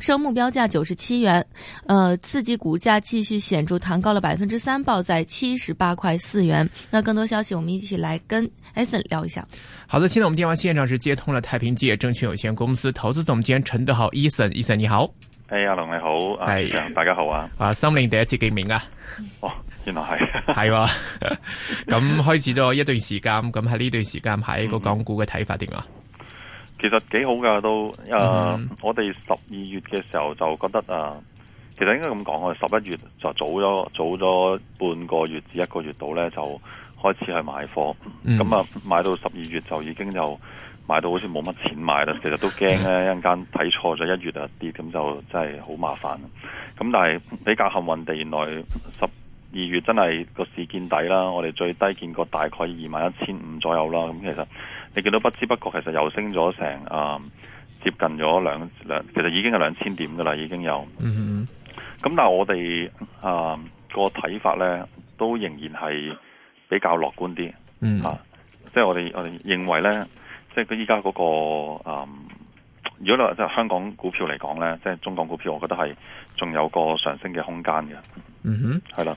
升目標價九十七元，呃，刺激股價繼續顯著彈高了百分之三，報在七十八塊四元。那更多消息，我們一起來跟 Ethan 聊一下。好的，現在我們電話綫上是接通了太平基業證券有限公司投資總監陳德豪，Ethan，Ethan 你好。哎，阿龍你好，哎大家好啊。啊，心領第一次見面啊。哦、oh,，原來係。係喎，咁開始咗一段時間，咁喺呢段時間，喺個港股嘅睇法點啊？其實幾好噶，都誒，啊 mm. 我哋十二月嘅時候就覺得啊，其實應該咁講，我哋十一月就早咗早咗半個月至一個月度呢，就開始去買貨。咁啊，買到十二月就已經就買到好似冇乜錢買啦。其實都驚咧、mm.，一陣間睇錯咗一月就跌，咁就真係好麻煩。咁但係比較幸運地，原來十二月真係個市見底啦。我哋最低見過大概二萬一千五左右啦。咁其實。你見到不知不覺其實又升咗成啊，接近咗兩兩，其實已經係兩千點㗎喇，已經有。Mm -hmm. 嗯哼。咁但係我哋啊個睇法咧，都仍然係比較樂觀啲、啊 mm -hmm. 那個。嗯。嚇，即係我哋我哋認為咧，即係佢依家嗰個啊，如果你話即係香港股票嚟講咧，即係中港股票，我覺得係仲有個上升嘅空間嘅。嗯、mm、哼 -hmm.。係啦。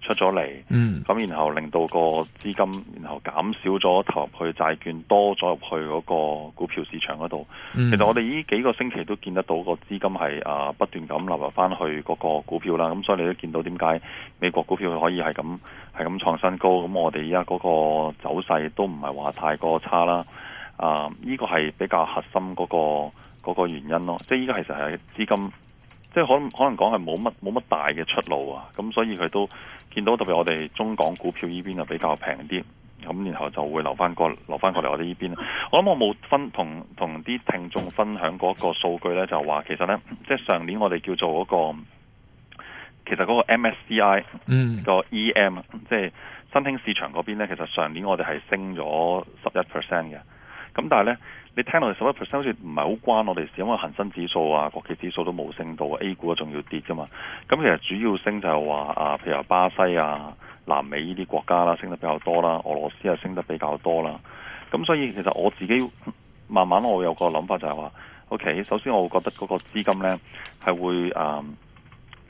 出咗嚟，咁然後令到個資金，然後減少咗投入去債券，多咗入去嗰個股票市場嗰度。其實我哋呢幾個星期都見得到個資金係啊不斷咁流入翻去嗰個股票啦。咁、啊、所以你都見到點解美國股票可以係咁係咁創新高？咁我哋而家嗰個走勢都唔係話太過差啦。啊，呢、這個係比較核心嗰、那個嗰、那個原因咯、啊。即係依家其實係資金。即係可能可能講係冇乜冇乜大嘅出路啊，咁所以佢都見到特別我哋中港股票呢邊就比較平啲，咁然後就會留翻過留翻過嚟我哋呢邊。我諗我冇分同同啲聽眾分享嗰個數據咧，就話其實咧，即係上年我哋叫做嗰、嗰個，其實嗰個 MSCI 個 EM，、嗯、即係新興市場嗰邊咧，其實上年我哋係升咗十一 percent 嘅。咁、嗯、但係咧，你聽落嚟十一 percent 好似唔係好關我哋事，因為恒生指數啊、國企指數都冇升到，A 股仲要跌噶嘛。咁其實主要升就係話啊，譬如巴西啊、南美呢啲國家啦，升得比較多啦，俄羅斯又升得比較多啦。咁所以其實我自己慢慢我有個諗法就係話，OK，首先我覺得嗰個資金咧係會啊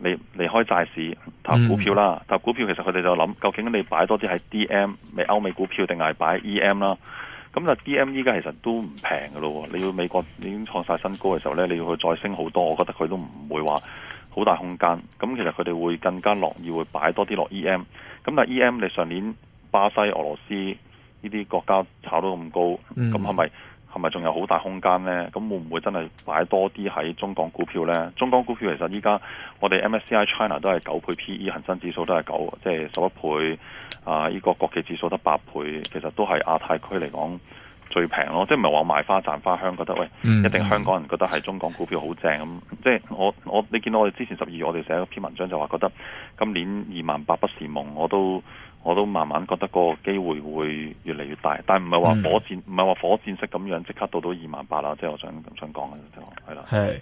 離離開債市投股票啦，投、嗯、股票其實佢哋就諗究竟你擺多啲係 DM 你歐美股票定係擺 EM 啦。咁就 D M 依家其實都唔平㗎咯，你要美國已經創晒新高嘅時候咧，你要去再升好多，我覺得佢都唔會話好大空間。咁其實佢哋會更加樂意會擺多啲落 E M。咁但 E M 你上年巴西、俄羅斯呢啲國家炒到咁高，咁係咪？係咪仲有好大空間呢？咁會唔會真係擺多啲喺中港股票呢？中港股票其實依家我哋 MSCI China 都係九倍 PE，恒生指數都係九，即係十一倍。啊，呢個國際指數得八倍，其實都係亞太區嚟講。最平咯，即係唔係話賣花讚花香？覺得喂、嗯，一定香港人覺得係中港股票好正咁。即係我我你見到我哋之前十二月，我哋寫一篇文章就話覺得今年二萬八不是夢。我都我都慢慢覺得個機會會越嚟越大，但係唔係話火箭唔係話火箭式咁樣即刻到到二萬八啦。即係我想想講嘅就係、是、啦。係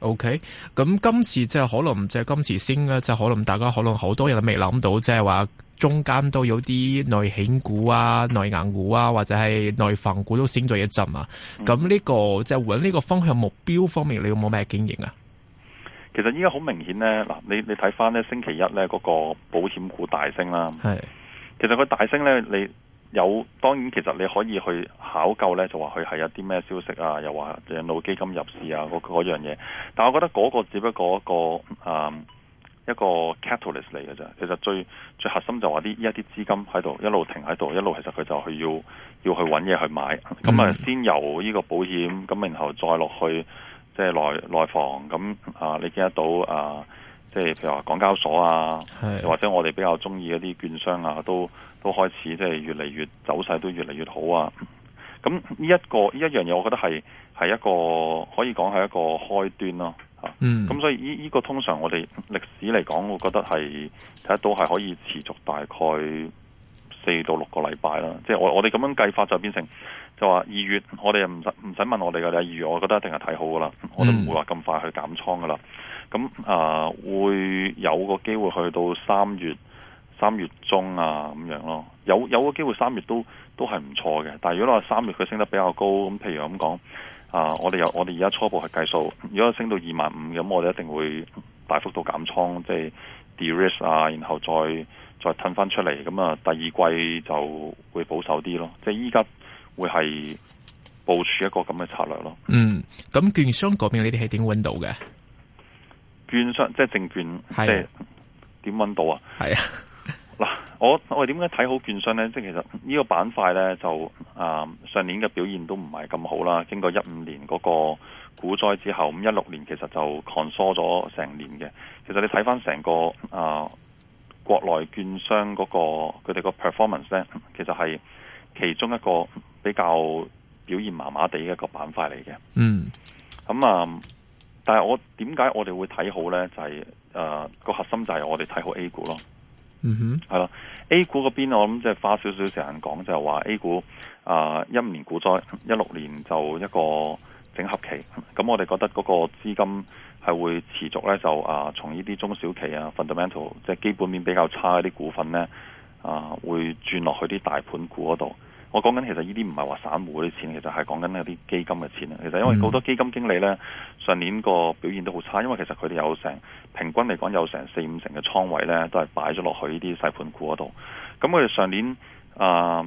OK，咁今次即可能即係、就是、今次先咧，即、就是、可能大家可能好多人都未諗到，即係話。中間都有啲內險股啊、內銀股啊，或者係內房股都升咗一陣啊。咁、嗯、呢、呢個即係揾呢個方向目標方面，你有冇咩經營啊？其實依家好明顯咧，嗱，你你睇翻咧星期一咧嗰個保險股大升啦。係，其實佢大升咧，你有當然其實你可以去考究咧，就話佢係有啲咩消息啊，又話養老基金入市啊，嗰樣嘢。但係我覺得嗰個只不過一個啊。嗯一個 catalyst 嚟嘅啫，其實最最核心就話啲一啲資金喺度一路停喺度，一路其實佢就去要要去搵嘢去買，咁、嗯、啊先由呢個保險，咁然後再落去即係、就是、內內房，咁啊你見得到啊，即係、啊就是、譬如話港交所啊，或者我哋比較中意嗰啲券商啊，都都開始即係越嚟越走勢都越嚟越好啊，咁呢一個呢一樣嘢，我覺得係係一個可以講係一個開端咯、啊。嗯，咁所以呢呢個通常我哋歷史嚟講，我覺得係睇到係可以持續大概四到六個禮拜啦。即係我我哋咁樣計法就變成就話二月，我哋唔唔使問我哋噶啦。二月我覺得一定係睇好噶啦，我都唔會話咁快去減倉噶啦。咁、嗯、啊會有個機會去到三月三月中啊咁樣咯。有有個機會三月都都係唔錯嘅。但係如果話三月佢升得比較高，咁譬如咁講。啊、uh,！我哋由我哋而家初步係計數，如果升到二萬五，咁我哋一定會大幅度減倉，即、就、係、是、de risk 啊，然後再再褪翻出嚟。咁啊，第二季就會保守啲咯。即係依家會係部署一個咁嘅策略咯。嗯，咁券商嗰邊你哋係點搵到嘅？券商即係、就是、證券，即係點搵到啊？係啊，嗱。 我我點解睇好券商呢？即係其實呢個板塊呢，就啊、呃、上年嘅表現都唔係咁好啦。經過一五年嗰個股災之後，咁一六年其實就 consolidate 咗成年嘅。其實你睇翻成個啊、呃、國內券商嗰、那個佢哋個 performance 呢，其實係其中一個比較表現麻麻地嘅一個板塊嚟嘅。嗯。咁、嗯、啊，但係我點解我哋會睇好呢？就係、是、誒、呃那個核心就係我哋睇好 A 股咯。嗯哼，係咯，A 股嗰邊我諗即係花少少時間講，就係話 A 股啊，一五年股災，一六年就一個整合期，咁我哋覺得嗰個資金係會持續咧，就啊，從呢啲中小企啊，fundamental 即係基本面比較差嗰啲股份咧，啊，會轉落去啲大盤股嗰度。我講緊其實呢啲唔係話散戶啲錢，其實係講緊啲基金嘅錢啊！其實因為好多基金經理呢，上年個表現都好差，因為其實佢哋有成平均嚟講有成四五成嘅倉位呢，都係擺咗落去呢啲細盤股嗰度。咁佢哋上年啊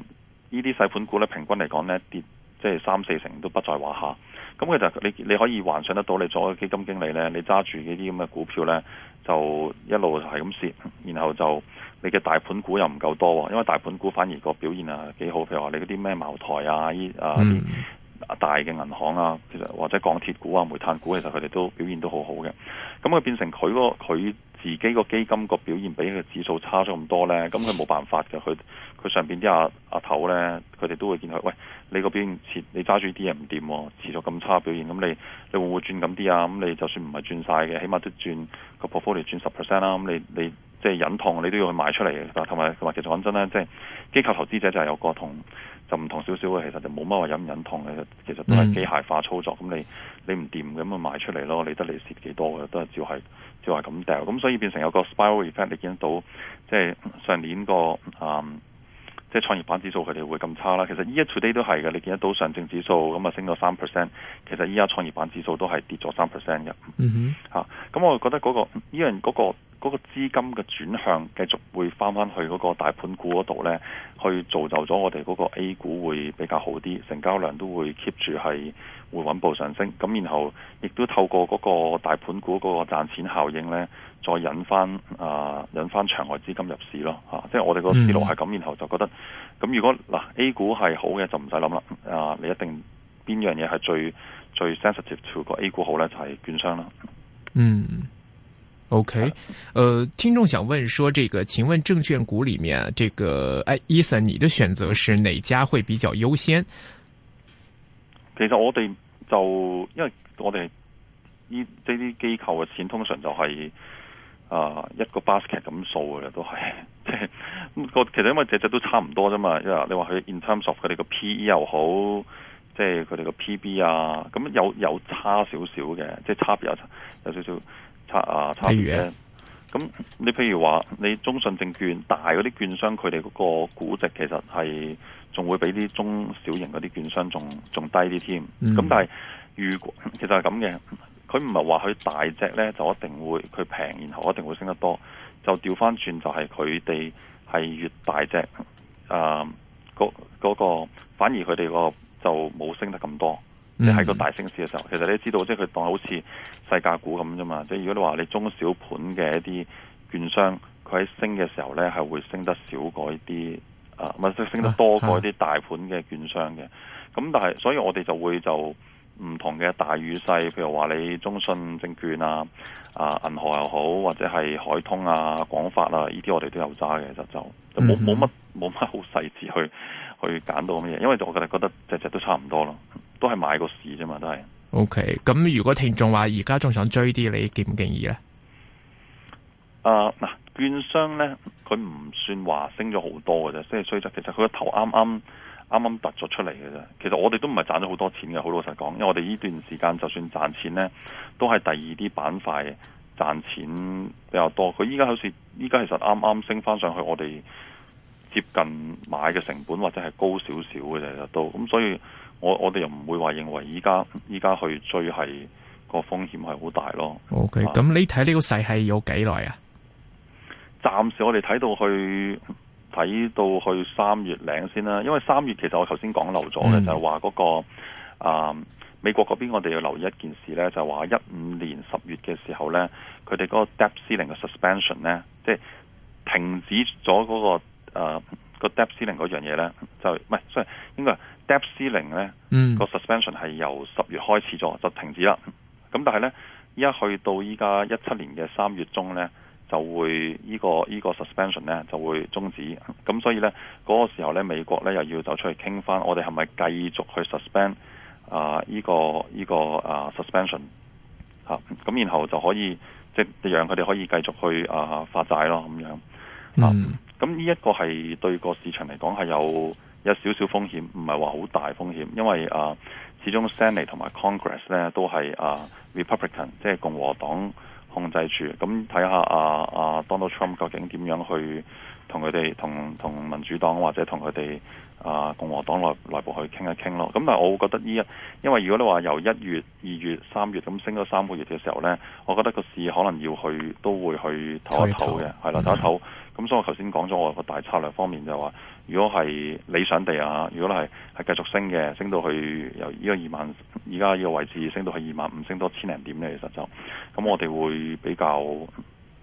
呢啲細盤股呢，平均嚟講呢跌即係、就是、三四成都不在話下。咁其實你你可以幻想得到你做基金經理呢，你揸住呢啲咁嘅股票呢，就一路係咁蝕，然後就。你嘅大盤股又唔夠多喎，因為大盤股反而個表現啊幾好，譬如話你嗰啲咩茅台啊呢啊啲、mm. 大嘅銀行啊，其實或者鋼鐵股啊、煤炭股，其實佢哋都表現都好好嘅。咁佢變成佢個個佢自己個基金個表現比佢個指數差咗咁多咧，咁佢冇辦法嘅。佢佢上邊啲阿阿頭咧，佢哋都會見佢，喂，你個表現切，你揸住啲嘢唔掂喎，持續咁差表現，咁你你，你，你會唔會轉咁啲啊？咁你就算唔係轉晒嘅，起碼都轉個 portfolio 轉十 percent 啦。咁你你。你即係忍痛，你都要去賣出嚟。同埋同埋，其實講真咧，即係機構投資者就係有個同就唔同少少嘅。其實就冇乜話忍唔忍痛嘅。其實都係機械化操作。咁、mm. 你你唔掂咁啊賣出嚟咯。你得利蝕幾多嘅，都係照係照係咁掉。咁所以變成有個 spiral effect，你見到即係上年個、嗯、即係創業板指數佢哋會咁差啦。其實依一 today 都係嘅，你見到上證指數咁啊升咗三 percent。其實依家創業板指數都係跌咗三 percent 嘅。嗯咁、mm -hmm. 啊、咁我覺得嗰依樣嗰個。嗰、那個資金嘅轉向繼續會翻翻去嗰個大盤股嗰度呢，去造就咗我哋嗰個 A 股會比較好啲，成交量都會 keep 住係會穩步上升。咁然後亦都透過嗰個大盤股嗰個賺錢效應呢，再引翻啊引翻場外資金入市咯嚇、啊。即係我哋個思路係咁、嗯，然後就覺得咁如果嗱、啊、A 股係好嘅，就唔使諗啦啊！你一定邊樣嘢係最最 sensitive to 個 A 股好呢，就係、是、券商啦。嗯。OK，誒、呃，聽眾想問說，這個請問證券股裏面，這個誒，Ethan 你的選擇是哪家會比較優先？其實我哋就因為我哋呢即啲機構嘅錢通常就係、是、啊、呃、一個 basket 咁數嘅都係，即係咁個其實因為隻隻都差唔多啫嘛，因為你話佢 in terms of 佢哋個 P E 又好，即係佢哋個 P B 啊，咁有有差少少嘅，即係差別有差有少少。差啊，差嘅。譬如咧，咁你譬如話你中信證券大嗰啲券商，佢哋嗰個估值其實係仲會比啲中小型嗰啲券商仲仲低啲添。咁、嗯、但係如果其實係咁嘅，佢唔係話佢大隻呢，就一定會佢平然後一定會升得多，就調翻轉就係佢哋係越大隻，誒、呃，嗰嗰、嗰個反而佢哋個就冇升得咁多。即係個大升市嘅時候，其實你知道，即係佢當好似世界股咁啫嘛。即係如果你話你中小盤嘅一啲券商，佢喺升嘅時候咧，係會升得少過一啲啊，唔係升得多過一啲大盤嘅券商嘅。咁、啊、但係，所以我哋就會就唔同嘅大與細，譬如話你中信證券啊、啊銀河又好，或者係海通啊、廣發啊，呢啲我哋都有揸嘅，其實就就冇冇乜冇乜好細緻去去揀到乜嘢，因為我覺得覺得隻只都差唔多咯。都係買個市啫嘛，都係。O K，咁如果聽眾話而家仲想追啲，你建唔建議咧？誒，嗱，券商，咧，佢唔算話升咗好多嘅啫，即係所以，其實佢個頭啱啱啱啱凸咗出嚟嘅啫。其實我哋都唔係賺咗好多錢嘅，好老實講，因為我哋呢段時間就算賺錢咧，都係第二啲板塊賺錢比較多。佢依家好似依家其實啱啱升翻上去，我哋接近買嘅成本或者係高少少嘅啫，就都咁，所以。我我哋又唔會話認為依家依家去追係個風險係好大咯。O K，咁你睇呢個勢係有幾耐啊？暫時我哋睇到去睇到去三月頂先啦。因為三月其實我頭先講漏咗嘅就係話嗰個啊、呃、美國嗰邊我哋要留意一件事咧，就係話一五年十月嘅時候咧，佢哋嗰個 debt ceiling 嘅 suspension 咧，即係停止咗嗰個誒。呃個 debt ceiling 嗰樣嘢咧，就唔係，所以應該 debt ceiling 咧個 suspension 係由十月開始咗就停止啦。咁但係咧，一去到依家一七年嘅三月中咧，就會呢個依個 suspension 咧就會終止。咁所以咧嗰個時候咧，美國咧又要走出去傾翻，我哋係咪繼續去 suspend 啊？呢個呢個啊 suspension 嚇，咁然後就可以即係讓佢哋可以繼續去啊發債咯咁樣。嗯，嗯。嗯咁呢一個係對個市場嚟講係有有少少風險，唔係話好大風險，因為誒、啊、始終 Senate 同埋 Congress 呢都係誒、啊、Republican，即係共和黨控制住。咁睇下啊啊 Donald Trump 究竟點樣去同佢哋同同民主黨或者同佢哋啊共和黨內內部去傾一傾咯。咁但係我會覺得呢一，因為如果你話由一月、二月、三月咁升咗三個月嘅時候呢，我覺得個市可能要去都會去唞一唞嘅，係喇唞一唞、嗯。咁所以，我頭先講咗我個大策略方面就係話，如果係理想地啊，如果係係繼續升嘅，升到去由依個二萬，而家依個位置升到去二萬五，升多千零點咧，其實就咁，我哋會比較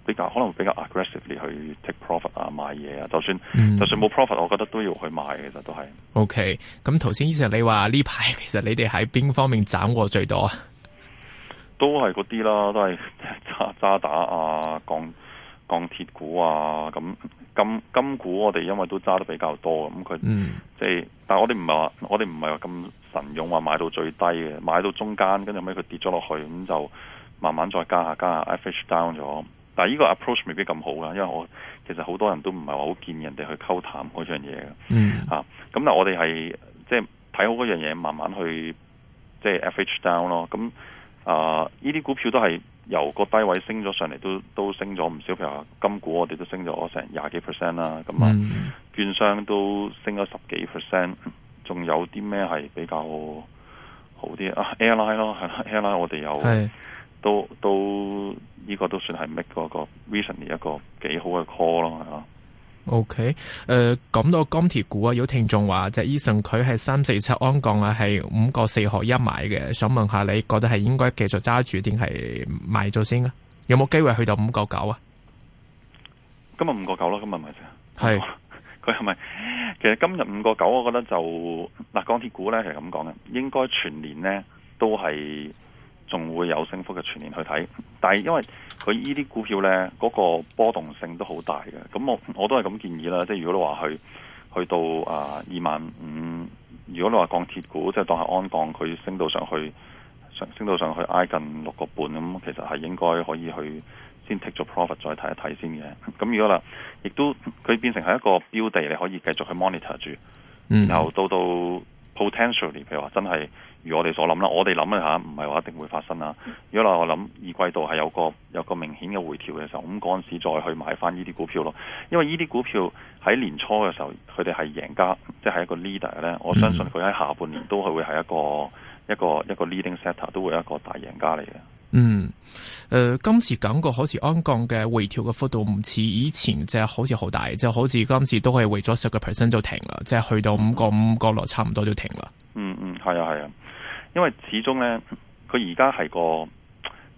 比較，可能會比較 aggressively 去 take profit 啊，買嘢啊，就算、嗯、就算冇 profit，我覺得都要去買嘅，其實都係。O K，咁頭先醫生你話呢排其實你哋喺邊方面斬過最多啊？都係嗰啲啦，都係渣渣打啊，降。鋼鐵股啊，咁金金股我哋因為都揸得比較多咁，佢即係，mm. 但係我哋唔係話，我哋唔係話咁神勇，話買到最低嘅，買到中間，跟住尾佢跌咗落去，咁就慢慢再加下加下，f h down 咗。但係呢個 approach 未必咁好噶，因為我其實好多人都唔係話好建議人哋去溝淡嗰樣嘢嘅，mm. 啊，咁但係我哋係即係睇好嗰樣嘢，慢慢去即係、就是、f h down 咯。咁、嗯、啊，呢、呃、啲股票都係。由個低位升咗上嚟，都都升咗唔少，譬如話金股我哋都升咗成廿幾 percent 啦。咁啊，券商都升咗十幾 percent。仲有啲咩係比較好啲啊？Airline 咯，Airline 我哋有，都都呢個都算係 make 嗰個 recently 一個幾好嘅 call 咯，係啊。O K，誒，講到鋼鐵股啊，有聽眾話即係伊生佢係三四七鞍鋼啊，係五個四毫一買嘅，想問下你覺得係應該繼續揸住定係賣咗先啊？有冇機會去到五個九啊？今日五個九囉，今日咪就係佢係咪？其實今日五個九，我覺得就嗱鋼鐵股咧係咁講嘅，應該全年咧都係。仲會有升幅嘅全年去睇，但係因為佢依啲股票呢，嗰個波動性都好大嘅。咁我我都係咁建議啦，即係如果你話去去到啊二萬五，呃、如果你話鋼鐵股即係當下安鋼，佢升到上去上升到上去挨近六個半，咁其實係應該可以去先 take 咗 profit 再睇一睇先嘅。咁如果啦，亦都佢變成係一個標地，你可以繼續去 monitor 住，然後到到 potentially 譬如話真係，如我哋所諗啦，我哋諗一下，唔係話一定會發生啦。如果話我諗二季度係有個有個明顯嘅回調嘅時候，咁嗰陣時再去買翻呢啲股票咯。因為呢啲股票喺年初嘅時候佢哋係贏家，即係一個 leader 咧，嗯，我相信佢喺下半年都係會係一個一個一個 leading sector 都會係一個大贏家嚟嘅。嗯，誒，呃，今次感覺好似安降嘅回調嘅幅度唔似以前，即係好似好大，就好似今次都係為咗十個 percent 就停啦，即係去到五個五角落差唔多就停啦。嗯嗯，係啊係啊。是啊。因為始終呢，佢而家係個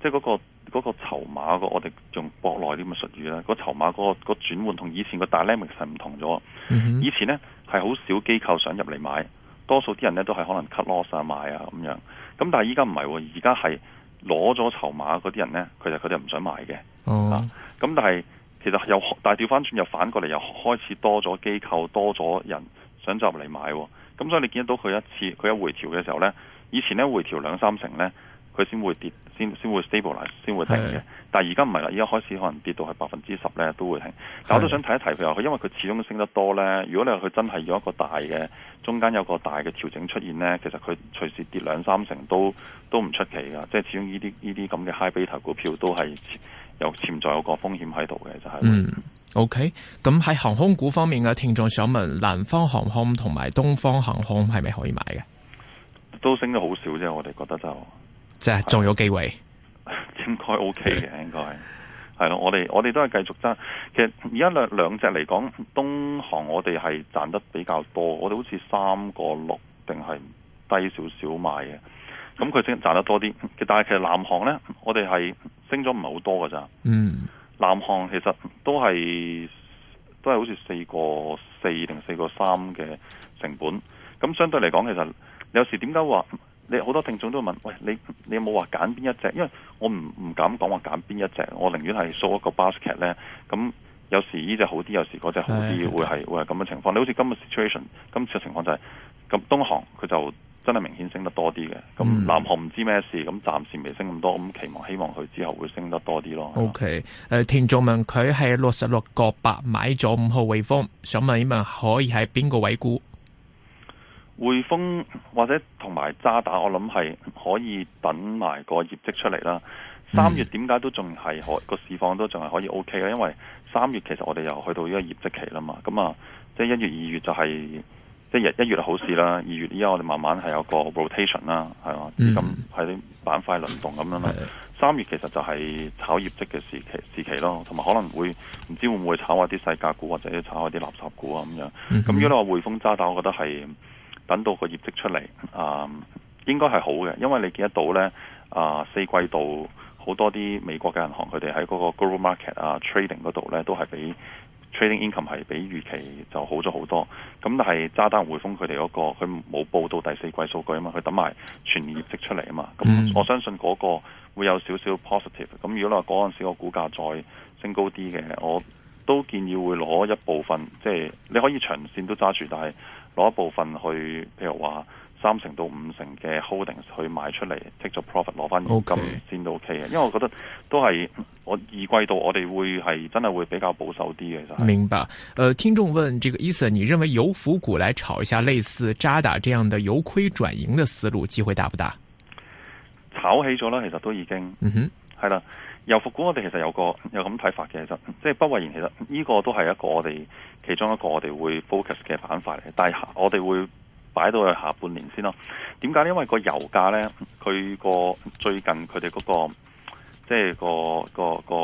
即係嗰、嗰個嗰、嗰個籌碼、嗰個、我哋用國內啲咁嘅術語啦。嗰個籌碼嗰個、嗰個轉換同以前個 dynamic 實唔同咗，嗯。以前呢，係好少機構想入嚟買，多數啲人呢都係可能 cut loss 啊買啊咁樣。咁但係依家唔係，而家係攞咗籌碼嗰啲人呢，佢就佢哋唔想買嘅。咁、哦、但係其實又大係調翻轉又反過嚟，又開始多咗機構多咗人想再入嚟買。咁所以你見得到佢一次佢一回調嘅時候呢。以前咧回調兩三成咧，佢先會跌，先先會 stable 先會停嘅。但係而家唔係啦，而家開始可能跌到係百分之十咧都會停。但我都想提一提佢，因為佢始終升得多咧。如果你話佢真係有一個大嘅中間有個大嘅調整出現咧，其實佢隨時跌兩三成都都唔出奇噶。即係始終呢啲呢啲咁嘅 high beta 股票都係有潛在有個風險喺度嘅，就係、是。嗯，OK。咁喺航空股方面嘅聽眾想問，南方航空同埋東方航空係咪可以買嘅？都升得好少啫，我哋覺得就即係仲有機會，應該 OK 嘅，應該係咯。我哋我哋都係繼續揸。其實而家兩兩隻嚟講，東航我哋係賺得比較多，我哋好似三個六定係低少少買嘅。咁佢先賺得多啲。但係其實南航呢，我哋係升咗唔係好多㗎咋。嗯，南航其實都係都係好似四個四定四個三嘅成本。咁相對嚟講，其實。有時點解話你好多聽眾都會問，喂你你有冇話揀邊一隻？因為我唔唔敢講話揀邊一隻，我寧願係掃一個 basket 咧。咁有時呢隻好啲，有時嗰隻好啲，會係會係咁嘅情況。你好似今日 situation，今次嘅情況就係、是、咁，東航佢就真係明顯升得多啲嘅。咁南航唔知咩事，咁暫時未升咁多，咁期望希望佢之後會升得多啲咯。O K，誒，聽眾問佢係六十六個八買咗五號匯豐，想問一問可以係邊個位沽？匯豐或者同埋渣打，我諗係可以等埋個業績出嚟啦。三月點解都仲係可，個市況都仲係可以 O K 咧？因為三月其實我哋又去到呢個業績期啦嘛。咁啊，即係一月二月就係即係一月好事啦，二月依家我哋慢慢係有個 rotation 啦、嗯，係嘛？咁喺啲板塊輪動咁樣啦。三月其實就係炒業績嘅時期時期咯，同埋可能會唔知會唔會炒下啲細價股，或者炒下啲垃圾股啊咁樣。咁如果你話匯豐渣打，打，我覺得係。等到個業績出嚟，啊、嗯，應該係好嘅，因為你見得到呢，啊、呃，四季度好多啲美國嘅銀行佢哋喺嗰個 growth market 啊 trading 嗰度呢，都係比 trading income 係比預期就好咗好多。咁但係渣打匯豐佢哋嗰個佢冇報到第四季數據啊嘛，佢等埋全年業績出嚟啊嘛。咁我，嗯、我相信嗰個會有少少 positive。咁如果你話嗰陣時個股價再升高啲嘅，我都建議會攞一部分，即係你可以長線都揸住，但係。攞一部分去，譬如話三成到五成嘅 holdings 去買出嚟，take 咗 profit 攞翻咁先到 OK 嘅，因為我覺得都係我二季度我哋會係真係會比較保守啲嘅，其實明白。誒、呃，聽眾問：，這個 Ethan，你認為由股股來炒一下類似渣打這樣的由虧轉盈嘅思路，機會大不大？炒起咗啦，其實都已經，嗯哼，係啦。油服股我哋其實有個有咁睇法嘅，其實即係不為然。其實呢、這個都係一個我哋其中一個我哋會 focus 嘅板塊嚟，但係我哋會擺到去下半年先咯。點解呢？因為個油價呢，佢個最近佢哋嗰個即係個個個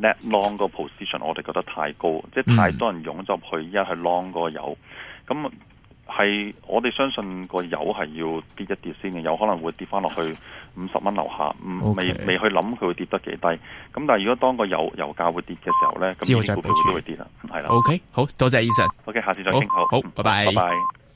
net long 個 position，我哋覺得太高，即、嗯、係太多人湧入去而家係 long 個油咁。嗯係，我哋相信個油係要跌一跌先嘅，有可能會跌翻落去五十蚊樓下，唔未未去諗佢會跌得幾低。咁但係如果當個油油價會跌嘅時候咧，咁後再都會，會，會跌啦。係啦。O、okay, K，好多謝 Ethan。O、okay, K，下次再傾。好，好，拜拜，拜拜。